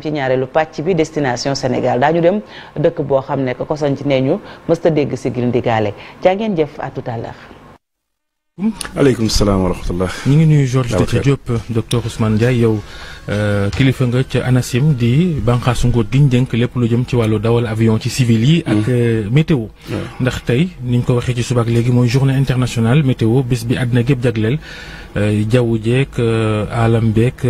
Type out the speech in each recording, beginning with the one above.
ci ñaareelu pàcc bi destination Sénégal daañu dem dëkk boo xam ne ko kosoñ ci nee ñu mësta dégg sigil ndigaale jaa ngeen jëf à tout aleykum salaam wa ngi nuyu Georges Dethié Diop docteur Ousmane Ndiaye yow euh, kilifa nga ca ANACIM di bànqaasu nguur gi ñu lépp lu jëm ci wàllu dawal avion ci civil yi. ak mm. euh, météo. ndax tey ni ñu ko waxee ci subaak léegi mooy journée internationale météo bés bi àddina gépp jagleel euh, jaww jeek alam beek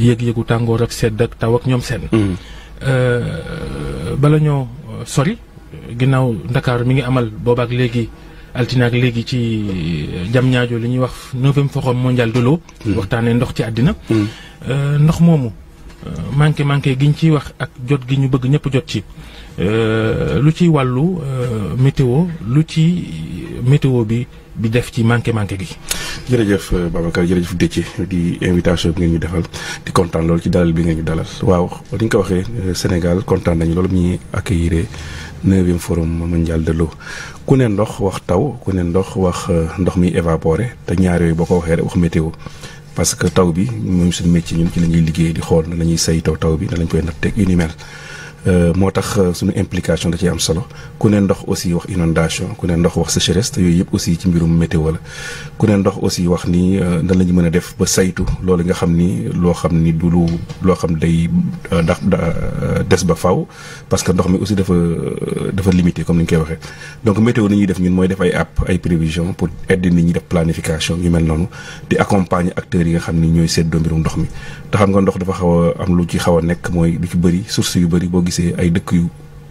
yëg-yëgu tàngoor ak sedd ak taw ak ñoom seen. Mm. bala ñoo sori ginnaaw Ndakaar mi ngi amal boobaak léegi. altine ak léegi ci jam euh, ñaajo li ñuy wax neuvième forum mondial de hmm. waxtaanee ndox ci àddina hmm. euh, ndox moomu euh, manqué manqué gi ñu ciy wax ak jot gi ñu bëgg ñëpp jot ci lu ci wàllu météo lu ci météo bi bi def ci manqué manqué gi. jërëjëf Babacar jërëjëf Déthié di invitation bi ngeen ñu defal di kontaan loolu ci dalal bi ngeen ñu dalal. waaw li ñu ko waxee Sénégal kontaan nañu loolu ñuy accueillir neuvième forum mondial de ku ne ndox wax taw ku ne ndox wax euh, ndox muy évaporé te ñaar yooyu boo ko waxee rek wax météo parce que taw bi moom suñu métier ñun ci la ñuy liggéey di xool na la ñuy saytoo taw bi na lañ koy natteeg yu ni mel Euh, moo tax euh, suñu implication da ciy am solo ku ne ndox aussi wax inondation ku ne ndox wax sécheresse te yooyu yëpp aussi ci mbirum météo la ku ne ndox aussi wax ni euh, nan la ñu mën a def ba saytu loolu nga xam ni loo xam ni du lu loo xam day dax des ba faw parce que ndox mi aussi dafa dafa limité comme ni ñu koy waxee donc météo ni ñuy def ñun mooy def ay app ay prévision pour aider nit ñu def planification yu mel noonu di accompagner acteurs yi nga xam ni ñooy seddoo mbirum ndox mi te xam nga ndox dafa xaw a am lu ci xaw a nekk mooy lu ci bëri source yu bëri gisee ay dëkk yu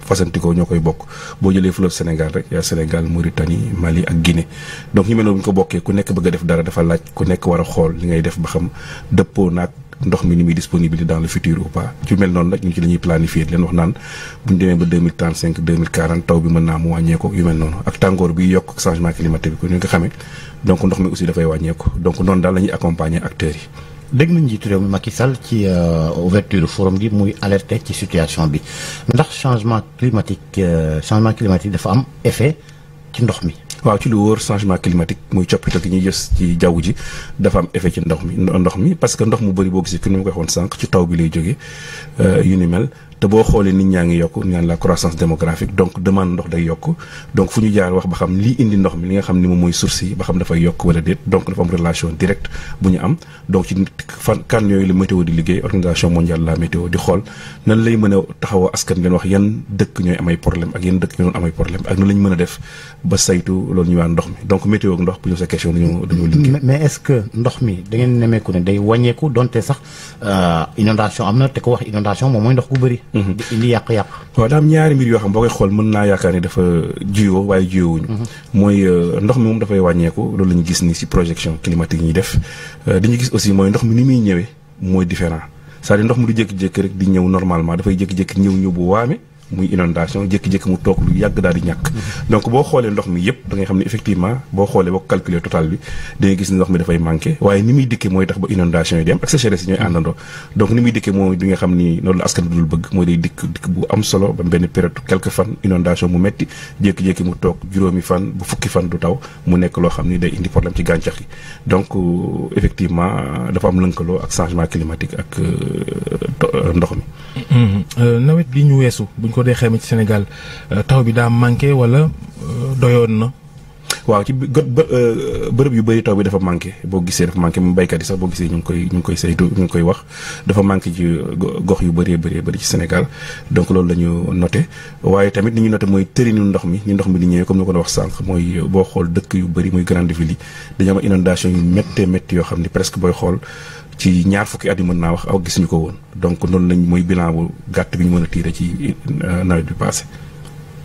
fasantikoo ñoo koy bokk boo jëlee fleuve Sénégal rek yaa Sénégal Mauritanie Mali ak Guinée donc ñu mel noonu bu ñu ko bokkee ku nekk bëgg a def dara dafa laaj ku nekk war a xool li ngay def ba xam dëppoo naag ndox mi ni muy disponible dans le futur ou pas ci mel noonu nag ñu ci la ñuy planifier leen wax naan bu ñu demee ba deux mille trente cinq deux mille quarante taw bi mën naa mu wàññeeku yu mel noonu ak tàngoor bi yokk changement climatique yi. dégg nañ njiitu réew mi Macky Sall ci euh, ouverture forum gi muy alerte ci situation bi ndax changement climatique euh, changement climatique dafa am effet ci ndox mi. waaw ci lu wóor changement climatique muy coppite gi ñuy gis ci jaww ji dafa am effet ci ndox mi ndox mi parce que ndox mu bëri boo gisee fi mu ko waxoon sànq ci taw bi lay jógee euh, yu ni mel. te boo xoolee nit ñaa ngi yokk ñaan la croissance démographique donc demande ndox day yokk donc fu ñu jaar wax ba xam lii indi ndox mi li nga xam ni moom mooy source yi ba xam dafay yokk wala déet donc dafa am relation directe bu ñu am météo di liggéey organisation mondiale météo di xool nan lay mën a taxawoo askan wax yan dëkk ñooy amay problème ak yan dëkk ñoo doon amay problème ak nan lañ mën def ba saytu loolu ñu waan ndox mi donc météo ndox bu ñu sa question que ndox mi da ngeen ne day wàññeeku donte sax euh, inondation am na te ko wax inondation moom mooy ndox gu bëri Mhm. di indi yàq-yàq. waaw daa ñaari mbir yoo xam boo koy xool mën naa yaakaar ni dafa juyoo waaye juyowuñu mhm. mooy euh, ndox mi moom dafay wàññeeku loolu la ñu gis ni si projection climatique yi ñuy def euh, dañu gis aussi mooy ndox mi ni muy ñëwee mooy différent cest à ndox mu du jékki-jékki rek di ñëw normalement dafay jékki-jékki ñëw ñëw bu waame muy inondation jékki-jékki mu toog lu yàgg daal di ñàkk donc boo xoolee ndox mi yëpp da ngay ne effectivement boo xoolee boo calculer total bi da ndox mi dafay manqué waaye ni dikkee mooy tax ba inondation yi di am ak ni muy dikkee mooy di nga xam ni loolu la askan bi dul bëgg mooy dikk dikk bu am solo ba benn période quelques fan inondation mu metti jékki mu toog juróomi fan bu fukki fan du taw mu nekk loo xam ni day indi problème ci gàncax gi donc euh, effectivement dafa am lënkaloo ak changement climatique ak euh, ndox mi Hmm. Euh, nawet bi ñu weesu buñ ko dee xayma ci Sénégal euh, taw bi daa manqué wala euh, doyoon na. waaw ci gët bërëb yu bëri taw bi dafa manqué boo gisee dafa manqué mu béykat yi sax boo gisee ñu ngi koy ñu ngi koy saytu ñu ngi koy wax dafa manqué ci gox yu bëree bëri bëri ci Sénégal donc loolu la ñu noté waaye tamit li ñu noté mooy tëri tërinu ndox mi ñu ndox mi di ñëwee comme ni ko la wax sànq mooy boo xool dëkk yu bëri muy grande ville dañoo am inondation yu méttee métti yoo xam ni presque booy xool ci ñaar fukki at yi mën naa wax aw gisuñu ko woon donc noonu lañ mooy bilan bu gàtt bi ñu mën a tiire ci euh, nawet bi passé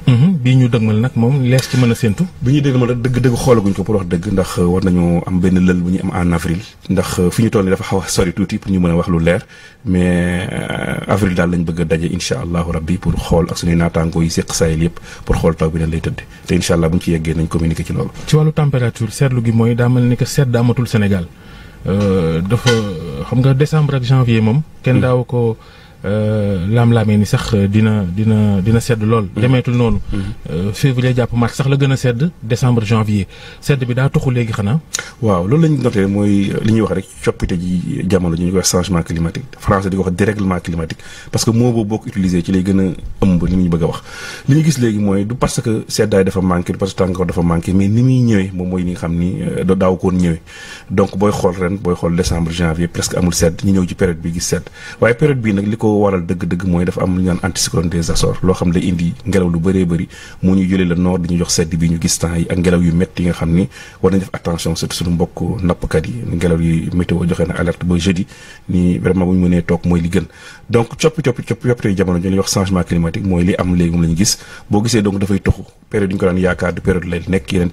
mm-hmm. bi ñu dëgmal nag moom lees ci mën a séntu bi ñu dëgmal nag dëgg-dëgg xoolaguñ ko pour wax dëgg ndax euh, war nañu am benn lël bu ñu am en avril ndax euh, fi ñu toll nii dafa xaw a sori tuuti pour ñu mën a wax lu leer mais avril daal lañ bëgg a daje incha allahu rabbi pour xool ak suñuy naataangoo yi séq sayel yëpp pour xool taw bi nañ lay tëdde te incha allah bu ñu ci yeggee gi mooy daa mel ni que sedd amatul Sénégal Euh, dafa xam nga décembre ak janvier moom kenn hmm. daaw ko Euh, laam-laamee ni sax euh, dina dina dina sedd lool. Mm-hmm. demeetul noonu. Mm-hmm. Euh, février jàpp mars sax la gën a sedd decembre janvier sedd bi daa toxu léegi xanaa. waaw loolu lañ noté mooy li ñu wax rek coppite ji jamono ji ñu koy wax changement climatique français di ko wax dérèglement climatique parce que moo boobu boo ko utilisé gis léegi mooy du parce que seddaay dafa manqué du parce que tàngoor dafa manqué mais ni muy ñëwee moom mooy li xam ni daaw koon ñëwee booy xool ren booy xool décembre janvier presque amul sedd ñu ñëw ci période bi gis sedd waaye période bii nag li ko ko waral dëgg-dëgg mooy dafa am lu ñu ngelaw lu bëree bëri mu ñu jëlee la nord di ñu jox sedd bi ñu gis temps yi ak ngelaw yu métti nga xam ni war nañ def attention surtout suñu mbokk nappkat yi ngelaw yi météo joxe na alerte ba jeudi ni vraiment bu ñu mënee toog mooy li gën donc coppi coppi coppi coppite jamono ñu la ñuy changement climatique mooy li am léegi moom la gis boo gisee donc dafay toxu période yi ñu ko daan yaakaar du période lay nekk yeneen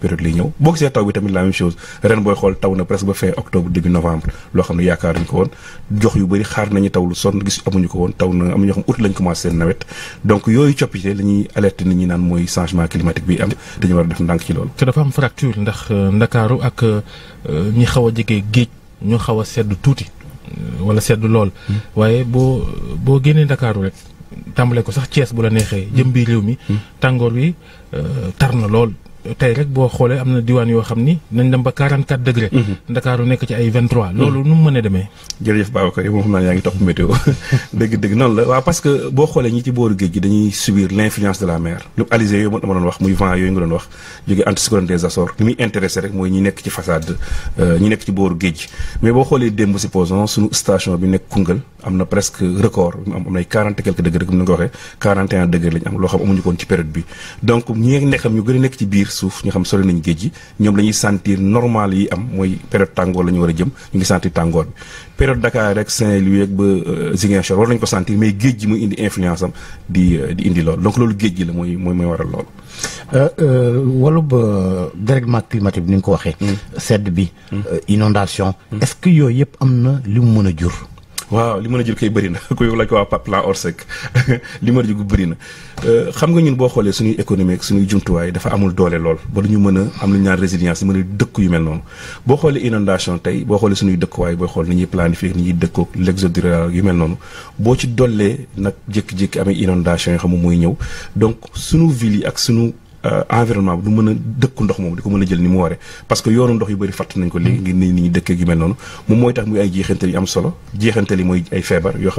période taw na am na ñoo xam août lañ commencé seen nawet donc yooyu coppite la ñuy alerter nit ñi naan mooy changement climatique bi am te ñu war a def ndànk ci lool te dafa am fracture ndax euh, ndakaaru ak euh, ñi xaw a jege géej ñu xaw a sedd tuuti euh, wala sedd lool hmm. waaye boo boo génnee ndakaaru rek tàmbale ko sax Thiès bu la neexee. jëm hmm. biir réew mi hmm. tàngoor bi tar na lool. tey rek boo xoolee am na diwaan yoo xam ni nañ dem ba 44 degré. Mhm. ndakaaru nekk ci ay 23. Mhm. loolu nu mu mën a demee. jërëjëf Babacar yow moom xam naa yaa topp météo dëgg-dëgg noonu la waaw parce que boo xoolee ñi ci booru géej gi dañuy subir l' influence de la mer. lu alizé yooyu ma doon wax muy vent yooyu nga doon wax jóge anticyclone des Açores li muy intéressé rek mooy ñi nekk ci façade euh, ñi nekk ci booru géej mais boo xoolee démb supposons suñu station bi nekk Koungheul am na presque record am am nay quarante quelques degré comme ni nga ko waxee quarante et un degré lañ xam amuñu koon ci période bi a nekk ci biir suuf yi am mooy période tàngoor la ñu war a jëm ñu ngi sentir tàngoor bi période Dakar rek Saint-Louis ak ba euh, ko sentir mais géej gi muy indi influence am di euh, di indi loolu loolu géej gi la mooy mooy mooy waral loolu walu ba dérèglement climatique bi ni nga ko waxee hmm. sedd bi hmm. euh, inondation hmm. est-ce que yooyu yëpp am na li mu mën a jur waaw li mën a jël koy bëri na ku yow la ko waa plan Orsec li mën a jël bëri na euh, xam nga ñun boo xoolee suñuy économie ak suñuy jumtuwaay dafa amul doole lool ba du ñu mën a am na ñaar naan résilience mën a dëkk yu mel noonu boo xoolee inondation tey boo xoolee suñuy dëkkuwaay booy xool ni ñuy planifier ni ñuy dëkkoog l'exode rural yu mel noonu boo ci dollee nag jékki-jékki amee inondation yoo xam mooy ñëw donc suñu ville yi ak suñu Euh, environnement bi du mën a dëkku ndox moom di ko mën a jël ni mu waree parce que yoonu ndox yu bëri fàtt nañ ko léegi ngir nit ñi dëkkee gi mel noonu moom mooy tax muy am solo jeexantal yi mooy ay feebar yoo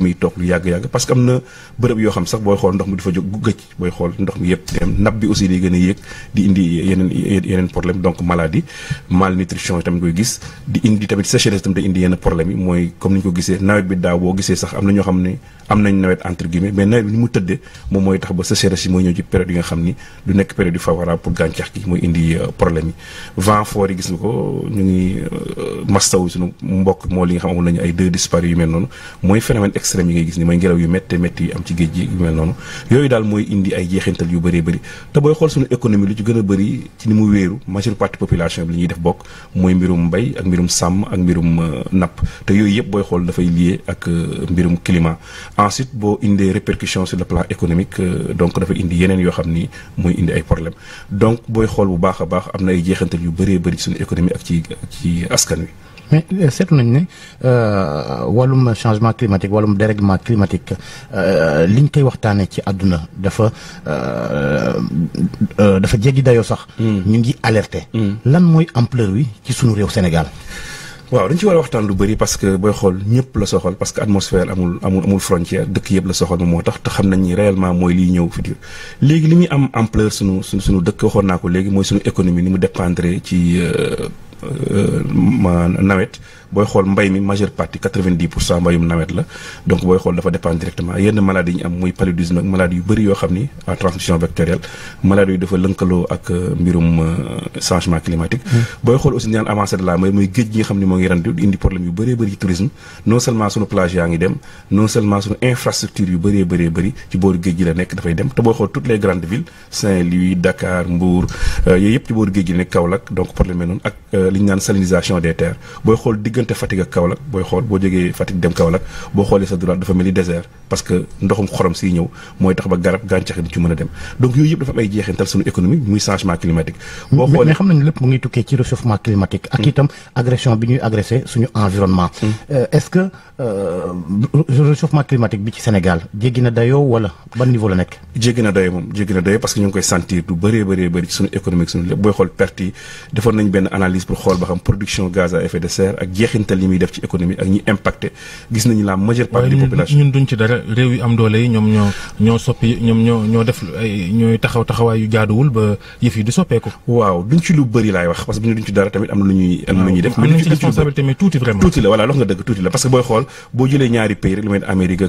mi toog lu yàgg-yàgg parce que am na bërëb yoo xam sax booy xool ndox mi di fa jóg gëj booy xool a yéeg di indi gis di indi tamit sécheresse tamit day indi ko gisee nawet bi daaw boo gisee sax am na ñoo ne am nañ nawet entre guillemets mais mu tëddee moom mooy tax ba sécheresse yi mooy ñëw ci période période yi nga xam gi mooy indi euh, problème yi vent fort yi ko ñu ngi euh, mastaw suñu mbokk moo li nga xam amul nañu ay yu mel noonu mooy phénomène extrême yi ngay gis ni mooy ngelaw yu métte métti yi am ci géej yooyu daal mooy indi ay jeexintal yu baree bëri te booy xool suñu économie lu ci gën a bëri ci ni mu wéeru majeure partie population bi li ñuy def bokk mooy mbirum mbay ak mbirum sàmm ak mbirum euh, nap te yooyu yëpp booy xool dafay lié ak mbirum climat ensuite boo indee répercussions sur le plan économique donc dafay indi yeneen yoo xam ni mooy indi ay problème donc booy xool bu baax a baax am na ay jeexantal yu bëree bëri ci suñu économie ak ci ci askan wi. mais euh, seetlu nañ ne euh, wàllum changement climatique wàllum dérèglement climatique euh, liñ koy waxtaanee ci àdduna dafa dafa jéggi dayoo sax. Hmm. ñu ngi alerter. Hmm. lan mooy ampleur wi ci suñu réew Sénégal. waaw dañ ci war a waxtaan lu bari parce que booy xool ñëpp la soxal parce que atmosphère amul amul amul frontière dëkk yëpp la soxal moom moo tax te xam nañ ni réellement mooy liy ñëw futur léegi li muy am ampleur suñu suñu suñu dëkk waxoon naa ko léegi mooy suñu économie ni mu dépendre ci euh, ma nawet booy xool mbay mi majeure partie quatre-vingt-dix pour cent mbayum nawet la donc booy xool dafa dépendre directement yenn maladies yi ñu am muy paludisme ak yu bëri yoo xam ni à transmission vectorielle maladies yi dafa lënkaloo ak euh, mbirum euh, changement climatique mm. booy xool aussi ñaan avancé de la mer muy géej gi nga xam ne moo ngi ren di indi problème yu bëree bëri ci tourisme non seulement suñu plage yaa ngi dem non seulement suñu infrastructure yu bëree bëree bëri ci booru géej gi la nekk dafay dem te booy xool toutes les grandes villes Saint-Louis Dakar euh, yëpp ci booru géej gi la nekk Kaolack donc problème noonu ak li ñu naan salinisation de terres booy xool diggante Fatick ak Kaolack booy xool boo jógee Fatick dem Kaolack boo xoolee sa droite dafa mel désert parce que ndoxum xorom siy ñëw mooy tax ba garab gàncax gi ci mën a dem donc yooyu yëpp dafa am ay jeexintal suñu économie muy changement climatique boo xoolee mais xam nañu lépp mu ngi tukkee ci réchauffement climatique ak hmm. itam agression bi ñuy agressé suñu environnement hmm. euh, est-ce que euh, réchauffement climatique bi ci Sénégal jéggi na dayoo wala ban niveau la nekk jéggi na dayoo moom jéggi na dayoo parce que ñu ngi koy sentir du bëree bëree bëri ci suñu économique suñu lépp booy xool ba xam production gaz à effet de serre ak jeexintal yi muy def ci économie ak ñi impacté gis nañu la majeure partie des ñun duñ ci dara réew yi am doole yi ñoom ñoo ñoo soppi ñoom ñoo ñoo def ay ñooy taxaw taxawaay yu jaaduwul ba yëf yi di soppeeku waaw duñ ci lu bëri laay wax parce que bu ñu duñ ci dara tamit am na lu ñuy am na ñuy def am nañ ci responsabilité mais tuuti la voilà lox nga dëgg tuuti la parce que booy xool boo jëlee ñaari pays rek lu mel Amérique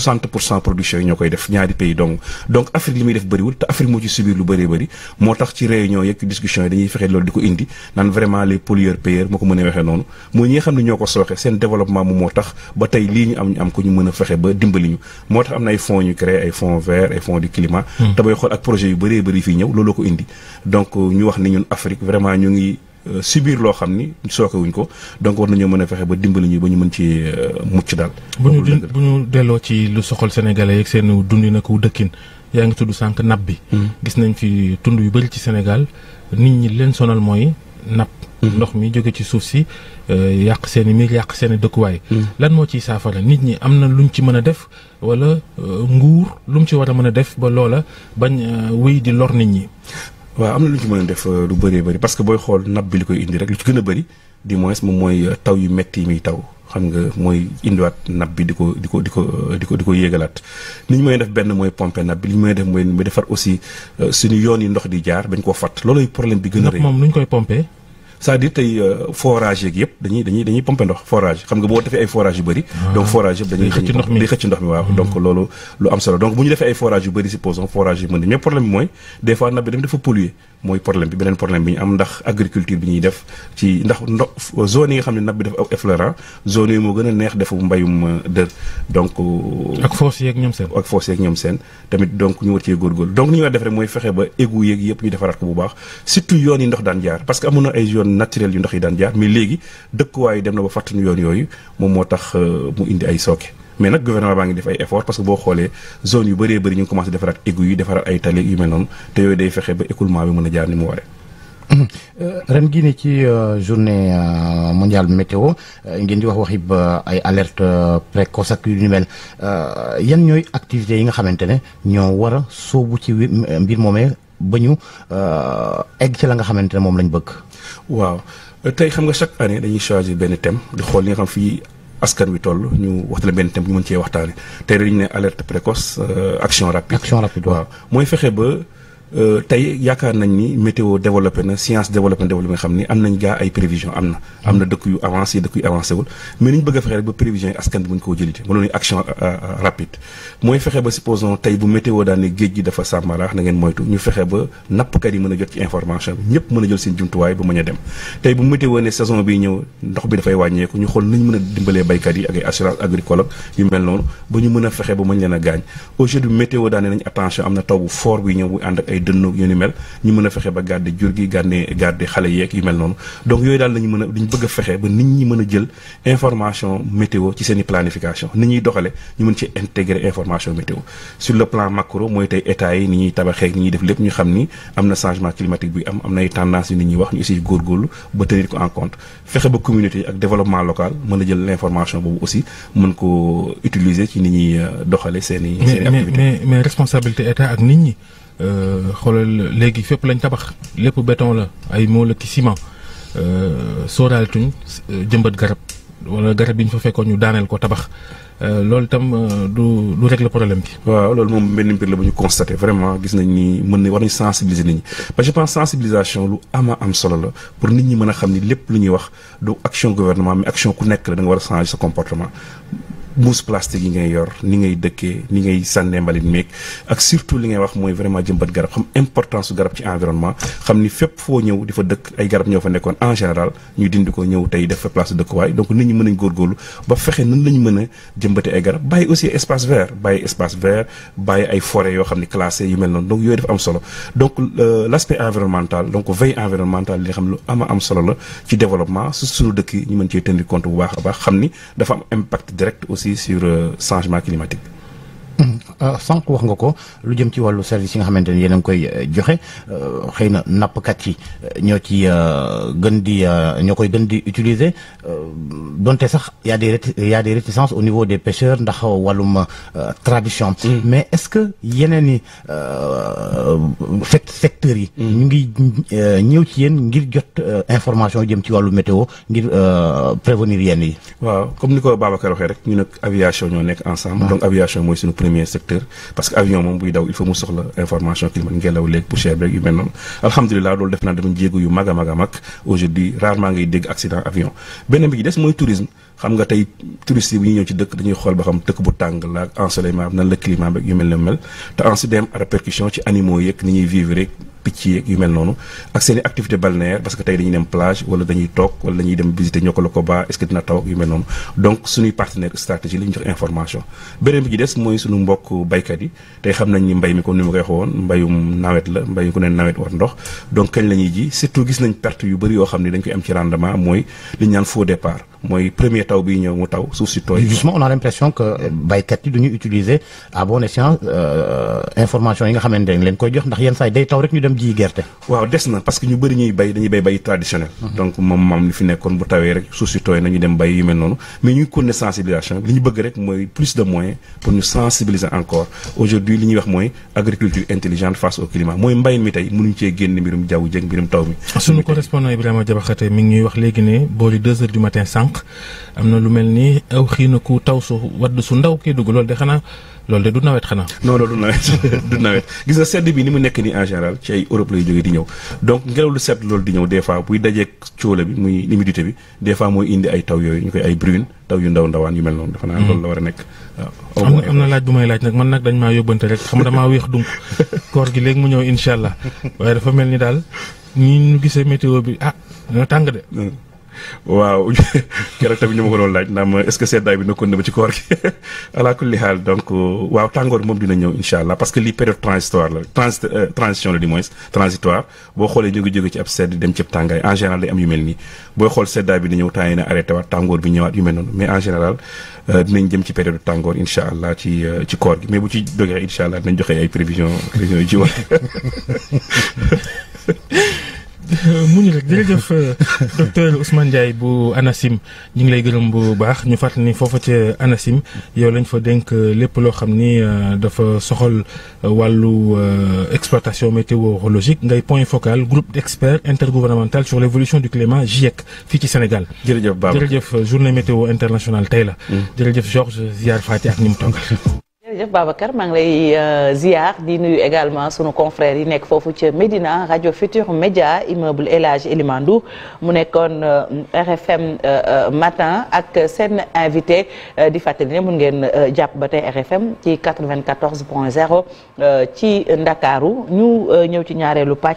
60 pour cent production yi ñoo koy def ñaari pays donc Afrique li muy def bëriwul te Afrique moo ci subir lu bëree moo tax ci réunion yeeg discussion yi dañuy fexe loolu di ko indi naan vraiment les pollueurs payeurs moo ko mën a noonu mooy ñi xam ne ñoo ko sooxe seen développement moo tax ba tey lii ñu am ñu am ko ñu mën fexe ba dimbali ñu moo tax am na ay fonds ñu créé ay fonds vert ay fonds du climat hmm. te booy xool ak projet yu Euh, si biir loo xam ni sooke wuñ ko donc war nañoo mën a fexe ba dimbali ñi ba ñu mën ci euh, mucc daal. bu ñu bu ñu delloo ci lu soxal sénégalais yeeg seen dundin ak dëkkin yaa ngi tudd sànq napp bi. Hmm. gis nañ fi tund yu bëri ci Sénégal nit ñi leen sonal mooy napp. Hmm. ndox mi jóge ci suuf si euh, yàq seen i miir yàq seen i dëkkuwaay. Hmm. lan moo ciy saafara nit ñi am na luñ ci mën a def wala nguur lu mu ci war a mën a def ba loola bañ wéy di lor nit ñi. waaw am na lu ñu ci mën a def euh, lu baree bari parce que booy xool napp bi li koy indi rek lu ci gën a bëri du moins moom mooy euh, taw yu métti yi muy taw xam nga mooy indiwaat napp bi di ko di ko di ko euh, di ko di ko yéegalaat li ñu may def benn mooy pomper napp bi li ñu may def mooy mu defar aussi suñu yoon yi ndox di jaar bañ koo fat loolooy problème bi gën a rëy moom nu ñu koy pomper c'est-à-dire tey euh, forage yeeg yëpp dañuy dañuy dañuy ndox forage xam nga boo defee ay forage yu bëri ah. donc forage yëpp dañuy day xëcc ndox mi waaw hmm. donc loolu lu am solo donc bu ñu defee ay forage yu bëri supposons forage yi mën mais problème bi mooy des fois bi dafa polluer mooy problème bi beneen problème bi ñu am ndax agriculture bi ñuy def ci ndax ndox zone yi nga xam ne napp bi def effleurant zone yi moo gën a neex defu mbayum euh, dër donc. Euh, ak foos yeeg ñoom seen. ak foos yeeg ñoom seen tamit donc ñu war cee góorgóorlu donc li mooy fexe ba égout yeeg yëpp ñu defaraat bu baax surtout yoon yi ndox daan parce que amoon na ay yoon naturel yu ndox yi daan jaar mais léegi dëkkuwaay na ba fàttanu yoon yooyu moom moo tax euh, mu indi ay sooke. mais nag gouvernement baa ngi def ay effort parce que boo xoolee zone yu bëree bëri ñu ngi commencé defaraat égout yi defaraat ay tali yu mel noonu te yooyu day fexe ba écoulement bi mën a mu waree. Euh, ren gii nii ci euh, journée euh, mondiale météo ngeen di wax waxi ba ay alerte précoce yu ni mel yan ñooy activités yi nga xamante ne ñoo war a sóobu ci mbir moomee ba ñu egg ci la nga xamante ne moom lañ bëgg. waaw tey xam nga chaque année dañuy choisir benn thème di xool li nga xam fii. askan wi toll ñu waxtale benn thème bu ñu mën cee waxtaane tey dañu ne alerte précoce euh, action rapide action rapide waaw mooy fexe ba Euh, tey yaakaar nañ ni météo développé na science développé na développé nga xam ni am nañ gaa ay prévision am na am na dëkk yu avancé dëkk yu avancé wul mais ni ñu bëgg a fexe rek ba prévision yi askan bu ñu ko mooy fexe ba supposons tey bu météo daal géej gi dafa sàmmaraax na ngeen moytu ñu fexe ba nappkat yi mën a jot ci information bi ñëpp mën a jël seen jumtuwaay ba mën a dem tey bu météo ne saison bi ñëw ndox bi dafay wàññeeku ñu xool nañ mën a dimbalee baykat yi ak ay assurance agricole yu mel noonu ba ba mën leen a gaañ aujourd'hui météo nañ attention am na taw bu fort ay dënnoog yu ni mel ñu mën a fexe ba garder jur gi garder garder xale yeeg yu mel noonu donc yooyu daal lañu mën a dañu bëgg a fexe ba nit ñi mën a jël information météo ci seen i planification nit ñuy doxale ñu mën ci intégrer information météo sur le plan macro mooy tey état yi ni ñuy tabaxeeg ñuy def lépp ñu xam ni am na changement climatique bi am am nay tendance yu ñuy wax ñu aussi góorgóorlu ba tenir ko en compte fexe ba communauté ak développement local mën a jël information boobu aussi mën ko utiliser ci nit ñuy euh, doxale seen i seen i activité mais mais responsabilité état ak nit ñi Euh, xoolal léegi fépp lañ tabax lépp béton la ay moo la ki ciment euh, sóoraalatuñ euh, jëmbat garab wala garab yi ñu fa fekkoon ñu daaneel ko tabax loolu itam du du régler problème bi. waaw loolu moom benn mbir la bu ñu constaté vraiment gis nañ ni mën na war nañ sensibiliser nit ñi parce que je pense sensibilisation lu ama am solo la pour nit ñi mën a xam ni lépp lu ñuy wax du action gouvernement mais action ku nekk la da nga war a changer sa comportement. mousse plastique yi ngay yor ni ngay dëkkee ni ngay sànnee mbalit meeg ak surtout li ngay wax mooy vraiment jëmbat garab xam importance su garab ci environnement xam ni fépp foo ñëw di fa dëkk ay garab ñoo fa nekkoon en général ñu dindi ko ñëw tey def fa place dëkkuwaay donc nit ñi mën nañ góorgóorlu ba fexe nan lañu mën a jëmbate garab bàyyi aussi espace vert bàyyi espace vert bàyyi yoo xam ni classé yu mel noonu donc yooyu am solo donc euh, l' aspect environnemental donc veille environnementale li xam lu ama am solo la ci développement su suñu yi ñu mën cee tenir compte bu baax a baax xam ni dafa am impact direct aussi aussi sur euh, changement climatique. Mm-hmm. Euh, sànq wax nga ko lu jëm ci wàllu service yi nga xamante ni yéen a ngi koy euh, joxe euh, xëy na nappkat yi ñoo ci gën di ñoo koy gën di utiliser donte sax y a des y au niveau des pêcheurs ndax wàllum tradition mm. mais est-ce que yeneen i secteurs yi mm. ñu ngi ñëw ci yéen ngir jot information jëm ci wàllu météo ngir prévenir yenn yi waaw comme ni ko Babacar waxee rek ñu nag aviation ñoo nekk ensemble ah. donc aviation mooy suñu premier secteur parce que avion moom buy daw il faut mu soxla information climatique ngelaw léeg poussière beeg yu mel noonu alhamdulilah loolu def naa dafa jéego yu mag a mag a mag aujourd'hui rarement ngay dégg accident avion beneen bi des mooy tourisme xam nga tey touristes yi bu ñuy ñëw ci dëkk dañuy xool ba xam dëkk bu tàng la ensoleillement nan la climat yu mel ne mel te ensuite day am répercussion ci animaux yeeg ni ñuy vivre picc yeeg yu mel noonu ak seen i activité balnéaire parce que tey dañuy dem plage wala dañuy toog wala dañuy dem visiter Niokolo-Koba ko ce que dina taw ak yu mel noonu donc suñuy partenaire stratégie la ñu jox information beneen bi ci des mooy suñu mbokk baykat yi tey xam nañ ni mbay mi comme ni ma ko waxee woon nawet la mbay ne nawet war ndox donc kañ la ñuy ji surtout gis nañ perte yu bëri yoo xam ne dañ koy am ci rendement mooy li ñu naan faux départ mooy premier taw bi ñëw mu taw suuf si tooy. justement on a l'impression que euh, baykat yi duñu utiliser à bon escient euh, information yi ñu dem ji gerte. waaw des na parce que ñu bëri ñuy bay dañuy bay bay traditionnel. Mhm. donc moom maam li fi bu tawee rek suuf si tooy dem bay yu mel noonu mais ñu ngi continuer sensibilisation bi li ñu bëgg rek mooy ñu sensibiliser encore aujourd'hui li ñuy wax mooy agriculture intelligente face au climat mooy mbay mi tey mënuñu cee génn mbirum jaww jeeg mbirum taw mi. Ah, suñu correspondant Ibrahima Diabakhate mi ngi ñuy wax léegi ne boori deux du matin sànq sànq am na lu mel ni aw xiina ku taw su wadd su ndaw kii dugg loolu de xanaa loolu de du nawet xanaa. non loolu du nawet du gis nga sedd bi ni mu nekk ni en général ci ay Europe lay jógee di ñëw donc ngelaw lu sedd loolu di ñëw des fois buy dajeeg cóola bi muy humidité bi des fois mooy indi ay taw yooyu ñu koy ay bruine taw yu ndaw ndawaan yu mel noonu. dafa naa mm-hmm. loolu la war a nekk. Ah, am na am na laaj bu may laaj nag man nag dañ maa yóbbante rek xam damaa weex dunk koor bi ah dina tàng waaw keroog bi ñu ma ko doon laaj naam est-ce que seddaay bi nekkoon na ba ci koor gi ala kulli xaal donc waaw tàngoor moom dina ñëw incha allah parce que lii période transitoire la transit euh, transition la transitoire boo xoolee ñu ngi ci ab sedd dem ci tàngaay en général day am yu mel nii booy xool seddaay bi dina ñëw temps yi na arrêté waat tàngoor bi ñëwaat yu mel noonu mais en général euh, dinañ jëm ci période tàngoor incha allah ci euh, ci koor gi mais bu ci dogee incha allah dinañ joxe ay prévision prévision yu Euh, mu ñu rek jërëjëf euh, docteur Ousmane Ndiaye bu ANACIM ñu ngi lay gërëm bu baax ñu fàtta ni foofa ca ANACIM yow lañ fa denk euh, lépp loo xam ni dafa soxal wàllu exploitation météorologique ngay point focal groupe d' experts intergouvernemental sur l' évolution du climat GIEC fii ci Sénégal. jërëjëf Baba jërëjëf journée météo internationale tey la. Mm. jërëjëf Georges Ziar Fati ak ni mu toogal. jërëjëf Babacar maa lay euh, ziar di nuyu également sunu confrères yi nekk foofu ca Médina rajo Futur Média immeuble El Hadj Elimane mu nekkoon euh, RFM euh, matin ak seen invité di fàttali ne mun ngeen jàpp ba te RFM ci 94 point ci Ndakaaru ñu ñëw ci ñaareelu pàcc.